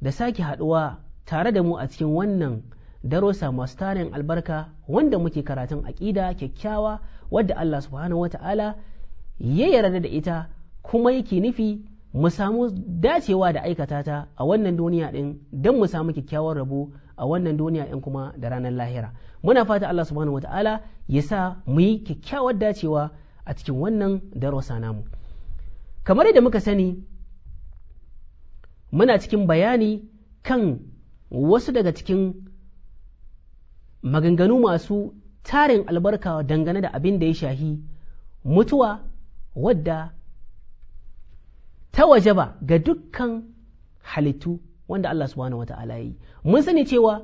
da sake haɗuwa tare da mu a cikin wannan darosa masu tarin albarka wanda muke karatun aƙida kyakkyawa wadda Allah subhanahu wata'ala ya yarda da ita kuma yake nufi mu samu dacewa da aikata ta a wannan duniya ɗin don mu samu kyakkyawar rabo a wannan duniya ɗin kuma da ranar lahira muna fata Allah subhanahu wata'ala ya sa mu yi kyakkyawar dacewa a cikin wannan darosa namu kamar yadda muka sani muna cikin bayani kan wasu daga cikin maganganu masu tarin albarka dangane da abin da ya shahi mutuwa wadda ta waje ba ga dukkan halittu wanda Allah subhanahu wata'ala yi mun sani cewa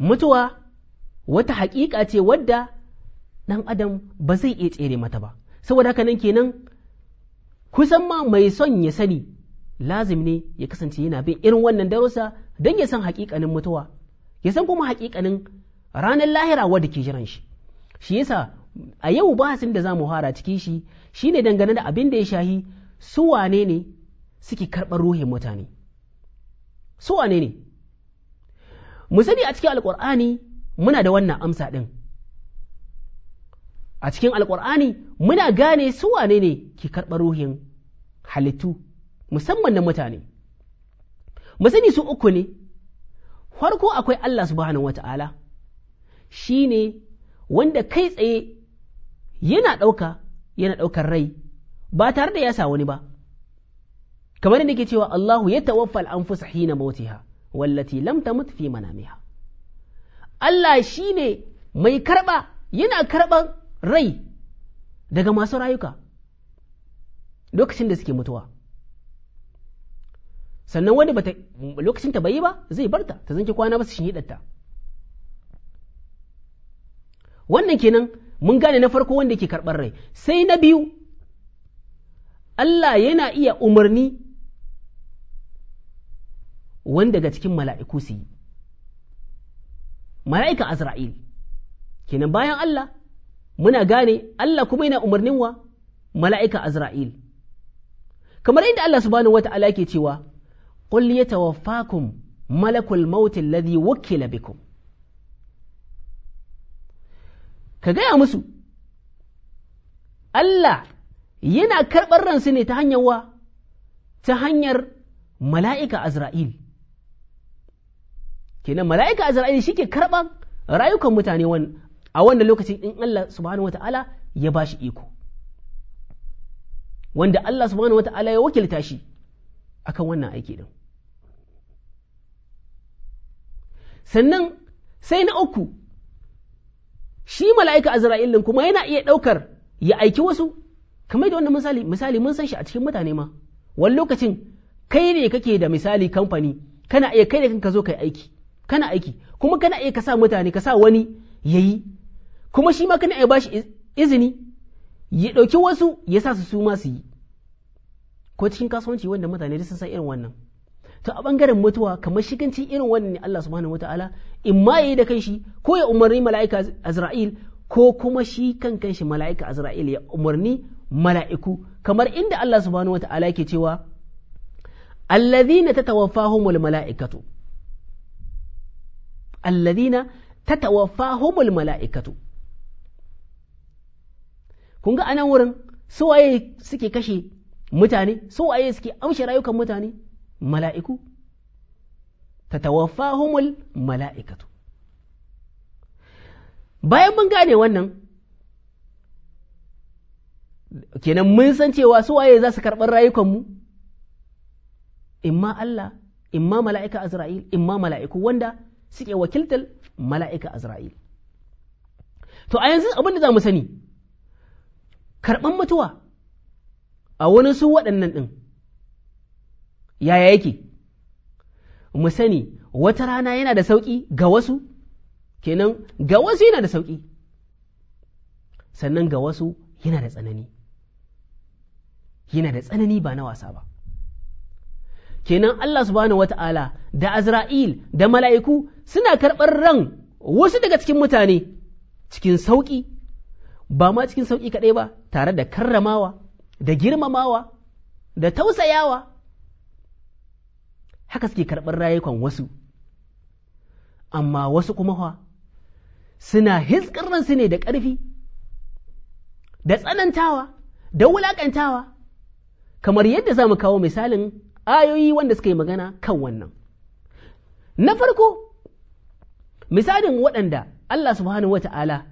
mutuwa wata hakika ce wadda ɗan adam ba zai iya tsere mata ba saboda haka nan kenan kusan ma mai son ya sani lazim ne ya kasance yana bin irin wannan darussa don ya san hakikanin mutuwa ya san kuma hakikanin ranar lahira wadda ke jiran shi shi yasa a yau bahasin da za mu hara ciki shi shine dangane da abin da ya shahi su wane ne suke karɓar ruhin mutane su wane ne mu sani a cikin alƙur'ani muna da wannan amsa ɗin a cikin alƙur'ani muna gane su wane ne ke karɓar ruhin halittu musamman na mutane mu sani su uku ne farko akwai Allah subhanahu wata'ala shi ne wanda kai tsaye yana ɗauka yana ɗaukar rai ba tare da ya sa wani ba kamar da nake cewa Allahu ya tawaffa al'anfusa hina mautiha wallati lam tamut fi manamiha Allah shi ne mai karɓa yana karɓan rai daga masu rayuka lokacin da suke mutuwa sannan wanda bata lokacin ta bai ba zai barta ta zanke kwana ba su shinhidarta wannan kenan mun gane na farko wanda ke karɓar rai sai na biyu Allah yana iya umarni wanda daga cikin mala'iku su yi Mala'ika Azra'il kenan bayan Allah muna gane Allah kuma yana umarnin wa mala'ika Azra'il kamar inda Allah subhanahu ala ke cewa qul yatawaffakum malakul maut alladhi wukila bikum ka gaya musu Allah yana karɓar ransu ne ta hanyar wa ta hanyar mala'ika kenan mala'ika Isra'il shi ke karɓar rayukan mutane a wanda lokacin in Allah ya bashi iko wanda Allah subhanahu ya wakilta shi akan wannan aiki din sannan sai na uku shi mala'ika azra'ilin kuma yana iya ɗaukar ya aiki wasu kamar da wannan misali misali mun san shi a cikin mutane ma wani lokacin kai ne kake da misali kamfani kana iya kai da kanka zo kai aiki kana aiki kuma kana iya ka sa mutane ka sa wani yayi kuma shi ma kana iya bashi izini ya ɗauki wasu ya sa su su ma su yi ko cikin kasuwanci wanda mutane sun san irin wannan to a bangaren mutuwa kamar shigancin irin wannan ne Allah subhanahu wataala in ma da kanshi ko ya umarni mala'ika Azra'il ko kuma shi kan kanshi mala'ika Azra'il ya umarni mala'iku kamar inda Allah subhanahu wataala yake cewa alladhina tatawaffahumul mala'ikatu alladhina tatawaffahumul mala'ikatu kun ga anan wurin suwaye suke kashe mutane su waye suke amshi rayukan mutane mala'iku tatawaffahumul mala'ikatu bayan mun gane wannan kenan mun san cewa su waye za su karɓar rayukanmu imma Allah imma mala'ika Azra'il imma mala'iku wanda suke wakiltar mala'ika Azra'il to a yanzu abin da za mu sani karɓan mutuwa a wani su waɗannan ɗin yaya yake mu sani wata rana yana da sauƙi ga wasu kenan ga wasu yana da sauƙi sannan ga wasu yana da tsanani yana da tsanani ba na wasa ba kenan Allah subhanahu ta’ala da Azra'il da mala'iku suna karɓar ran wasu daga cikin mutane cikin sauƙi ba ma cikin sauƙi kaɗai ba tare da karramawa da girmamawa da tausayawa haka suke karɓar rayukan wasu amma wasu kuma fa suna hiskin su ne da ƙarfi da tsanantawa da wulaƙantawa kamar yadda za mu kawo misalin ayoyi wanda suka yi magana kan wannan na farko misalin waɗanda Allah subhanahu wa ta'ala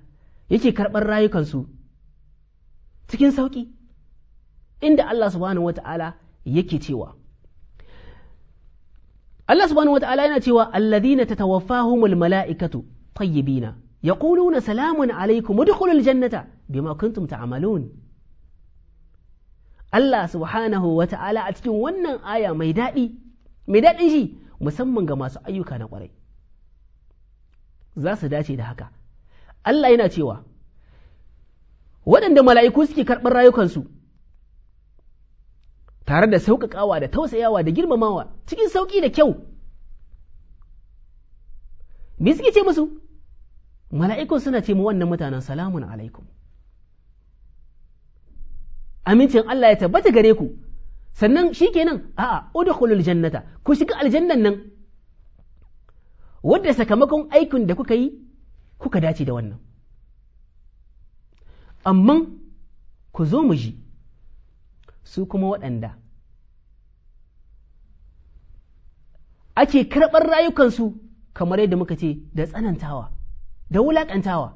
yake karɓar rayukansu cikin sauƙi inda Allah subhanahu wata'ala yake cewa Allah subhanahu wata'ala yana cewa alladhina tatawaffahumul mala'ikatu tayyibina yaquluna salamun alaykum udkhulul jannata bima kuntum ta'malun Allah subhanahu wata'ala a cikin wannan aya mai daɗi mai daɗin shi musamman ga masu ayyuka na ƙwarai za su dace da haka Allah yana cewa waɗanda mala'iku suke karɓar rayukansu tare da sauƙaƙawa da tausayawa da girmamawa cikin sauƙi da kyau me suke ce musu mala'ikun suna ce mu wannan mutanen salamun alaikum amincin Allah ya tabbata gare ku sannan shi kenan a'a udkhulul jannata ku shiga aljannan nan wadda sakamakon aikin da kuka yi kuka dace da wannan Amman ku zo mu ji su kuma waɗanda ake karɓar rayukansu kamar yadda muka ce da tsanantawa da wulaƙantawa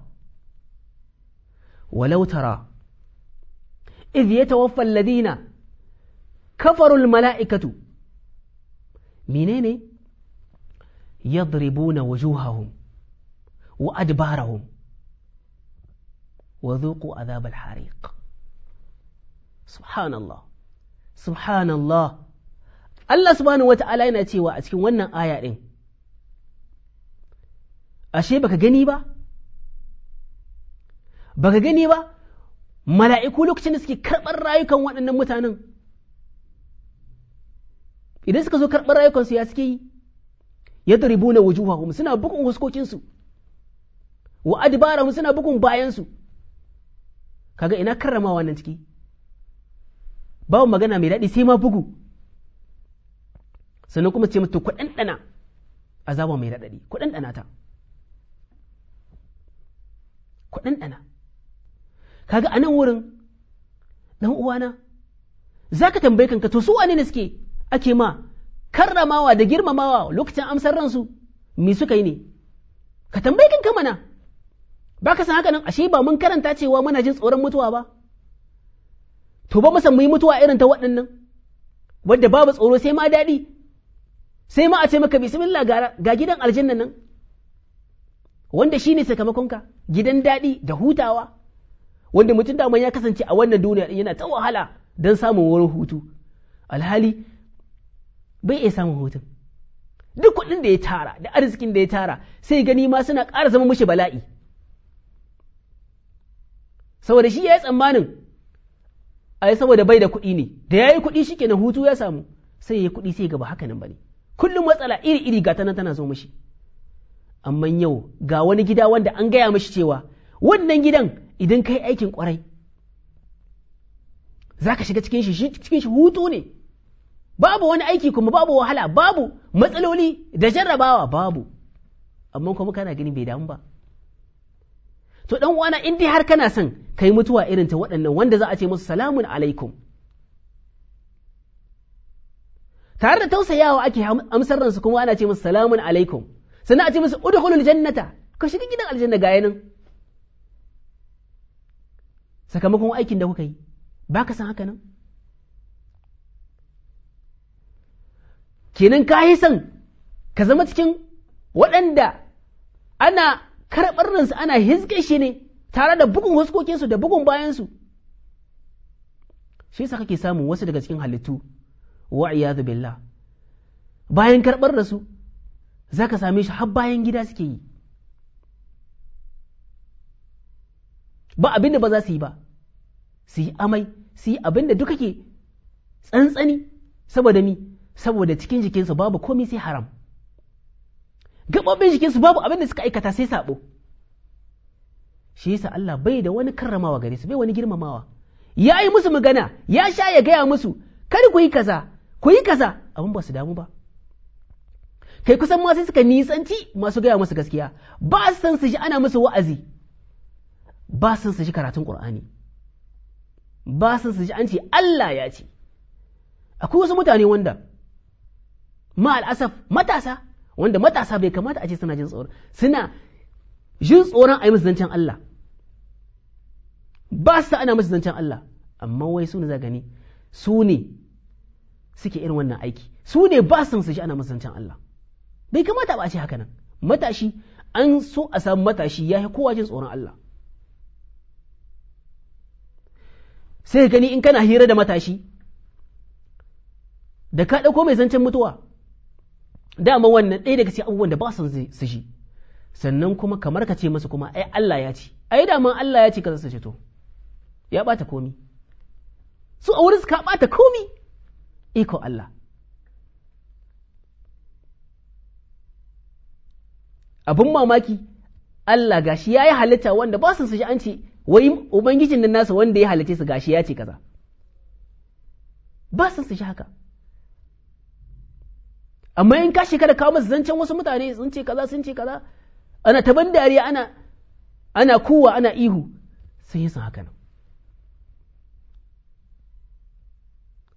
walau tara idh yatawaffa alladhina kafarul mala'ikatu menene yadribuna wujuhahum wa adbarahum wa dhuqu adhab al-hariq subhanallah subhanallah Allah subhanahu wata'ala yana cewa a cikin wannan aya ɗin ashe baka gani ba baka gani ba mala'iku lokacin da suke karɓar rayukan waɗannan mutanen idan suka zo karɓar rayukansu ya suke yi ya daribu na wujuwa suna bugun huskokinsu wa adibara suna bugun bayansu kaga ina karrama wannan ciki babu magana mai daɗi sai ma bugu sannan kuma ce mutu kuɗanɗana azaba mai daɗi ɗana ta kuɗanɗana kaga a nan wurin ɗan uwana za ka tambaye kanka to su wane ne suke ake ma karramawa da girmamawa lokacin amsar ransu me suka yi ne ka tambayi kanka mana ba ka san haka nan ashe ba mun karanta cewa muna jin tsoron mutuwa ba to ba musan yi mutuwa irin ta waɗannan wadda babu tsoro sai ma daɗi sai ma a ce maka bismillah ga gidan aljanna nan wanda shine sakamakon ka gidan daɗi da hutawa wanda mutum daman ya kasance a wannan duniya yana ta wahala don samun wurin hutu alhali bai iya samun hutun duk kuɗin da ya tara da arzikin da ya tara sai gani ma suna ƙara zama mushi bala'i saboda shi ya yi tsammanin ai saboda bai da kuɗi ne da ya yi kuɗi shi na hutu ya samu sai yayi kuɗi sai gaba haka nan ne. kullum matsala iri iri ga tana tana zo mishi amma yau ga wani gida wanda an gaya mashi cewa wannan gidan idan kai aikin kwarai zaka shiga cikin shi cikin shi hutu ne babu wani aiki kuma babu wahala babu matsaloli da jarrabawa babu amma kuma kana gani bai damu ba to dan uwana in dai har kana son kai mutuwa irin ta waɗannan wanda za a ce musu salamun alaikum tare da tausayawa ake amsar ransu kuma ana ce musu salamun alaikum sannan a ce musu udkhulul jannata ka shiga gidan aljanna ga yanin sakamakon aikin da kuka yi ba ka san haka nan kenan ka yi san ka zama cikin waɗanda ana karɓar ransu ana hizge shi ne tare da bugun huskokinsu da bugun bayansu shi yasa kake samun wasu daga cikin halittu wa iyadu billah bayan karɓar su za ka same shi har bayan gida suke yi ba abin da ba za su yi ba su yi amai su yi abin da duka ke tsantsani saboda mi saboda cikin jikinsu babu komai sai haram jikin su babu abin da suka aikata sai saɓo shi yasa Allah bai da wani karramawa gare su bai wani girmamawa ya yi musu magana ya sha ya gaya musu kar ku yi kaza ku yi kaza abin ba su damu ba kai kusan ma sai suka nisanci masu gaya musu gaskiya ba su san su ji ana musu wa'azi ba su san su ji karatun qur'ani ba su san su ji an ce Allah ya ce akwai wasu mutane wanda ma al'asaf matasa wanda matasa bai kamata a ce suna jin tsoron suna jin tsoron a yi musu zancen Allah ba su ana musu zancen Allah amma wai su ne za gani su ne suke irin wannan aiki su ne ba su shi ana musu zancen Allah bai kamata ba a ce haka nan matashi an so a samu matashi ya yi kowa jin tsoron Allah sai gani in kana hira da matashi da ka ɗauko mai zancen mutuwa dama wannan ɗaya daga cikin abubuwan da ba su su shi sannan kuma kamar ka ce masa kuma ai Allah ya ce ai dama Allah ya ce ka su ceto ya bata komi su a wurin ka bata komi iko Allah Abun mamaki Allah gashi ya yi halitta wanda ba su su an ce wai ubangijin nan nasa wanda ya halitta su gashi ya ce kaza ba su shi haka amma in ka shekara kawo masu zancen wasu mutane sun ce kaza sun ce kaza ana ta ban dariya ana ana kuwa ana ihu sai yi sun haka nan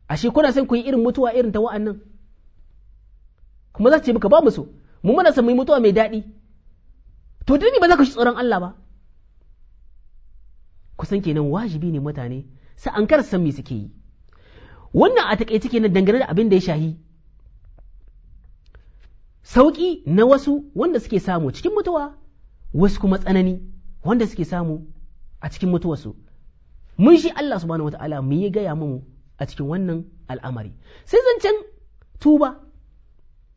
ashe kuna son ku yi irin mutuwa irin ta wa'annan kuma za su ce baka ba mu so mu muna san mu yi mutuwa mai daɗi to dani ba za ka shi tsoron Allah ba Ku san kenan wajibi ne mutane sa an kar san me suke yi wannan a takaice kenan dangane da abin da ya shahi sauƙi na wasu wanda suke samu cikin mutuwa wasu kuma tsanani wanda suke samu a cikin mutuwarsu mun shi Allah subhanahu wataala mu yi gaya mu a cikin wannan al'amari sai zancen tuba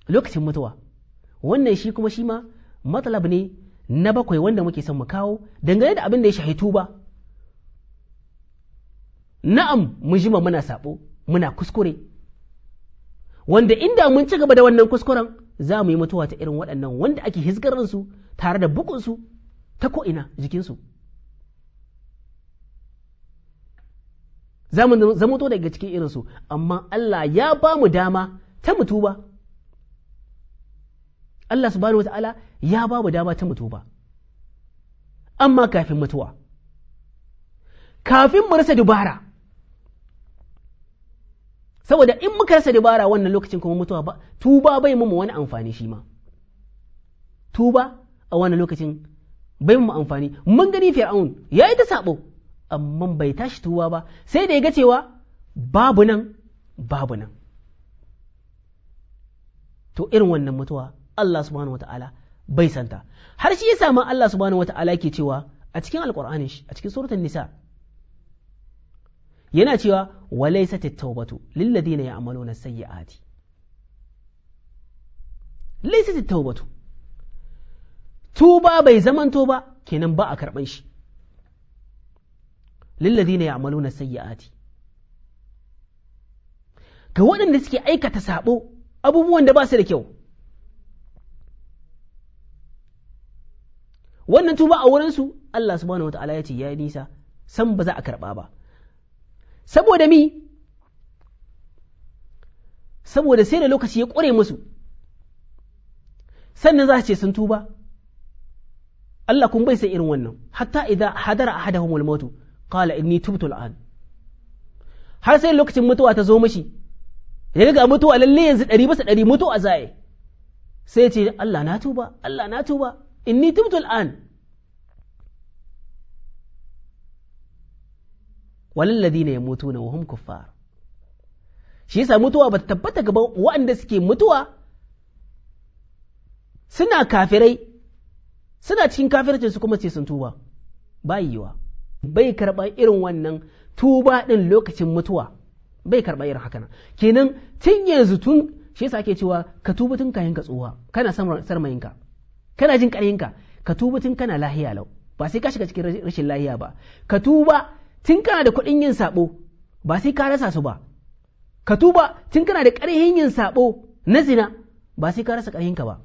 lokacin mutuwa wannan shi kuma shi ma matalab ne na bakwai wanda muke son mu kawo dangane da abin da ya shahi tuba na'am mu jima muna sabo muna kuskure wanda inda mun ci gaba da wannan kuskuren za mu yi mutuwa ta irin waɗannan wanda ake hizgararsu tare da bukunsu ta ko'ina jikinsu za mu zamuto daga cikin irinsu amma Allah ya ba mu dama ta mutu ba Allah subhanahu wa ta'ala ya ba mu dama ta mutu amma kafin mutuwa kafin mu rasa dubara saboda in muka rasa dabara wannan lokacin kuma mutuwa ba tuba bai mu wani amfani shi ma tuba a wannan lokacin bai mu amfani mun gani fir'aun ya yi ta sabo amma bai tashi tuba ba sai da ya ga cewa babu nan babu nan to irin wannan mutuwa Allah subhanahu wata'ala bai santa har shi ya samu Allah subhanahu wata'ala ke cewa a cikin alƙur'ani a cikin suratul nisa yana cewa walaysat at-taubatu lil ladina ya'maluna sayyi'ati laysat at-taubatu tuba bai zamanto ba kenan ba a karban shi lil ladina ya'maluna sayyi'ati ga waɗanda suke aikata sabo abubuwan da ba su da kyau wannan tuba a wurinsu Allah subhanahu wataala ya ce ya nisa san ba za a karɓa ba saboda mi saboda sai da lokaci ya ƙware musu sannan za ce sun tuba Allah kun bai san irin wannan hatta idan hadara ahadahumul mautu qala inni tubtu al'an har sai lokacin mutuwa ta zo mashi, ya riga mutuwa lalle yanzu ɗari bisa ɗari mutuwa zaye sai ya ce Allah na tuba Allah na tuba inni tubtu al'an walal ya yamutuna wa hum kuffar shi yasa mutuwa ba tabbata gaban waɗanda suke mutuwa suna kafirai suna cikin kafircin su kuma ce sun tuba ba yiwa bai karba irin wannan tuba ɗin lokacin mutuwa bai karba irin haka kenan tun yanzu tun shi yasa ake cewa ka tuba tun kayan ka tsuwa kana sarmayinka kana jin ƙarhinka ka tuba tun kana lahiya lau ba sai ka shiga cikin rashin lahiya ba ka tuba tun kana da kuɗin yin saɓo ba sai ka rasa su ba ka tuba tun kana da ƙarfin yin saɓo na zina ba sai ka rasa ka ba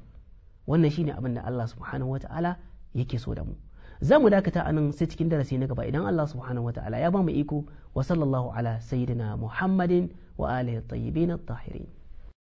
wannan shine abin da Allah subhanahu wata'ala yake so da mu za mu dakata anan sai cikin darasi na gaba idan Allah subhanahu wata'ala ya ba mu iko wa sallallahu ala sayyidina muhammadin wa alihi tayyibin at-tahirin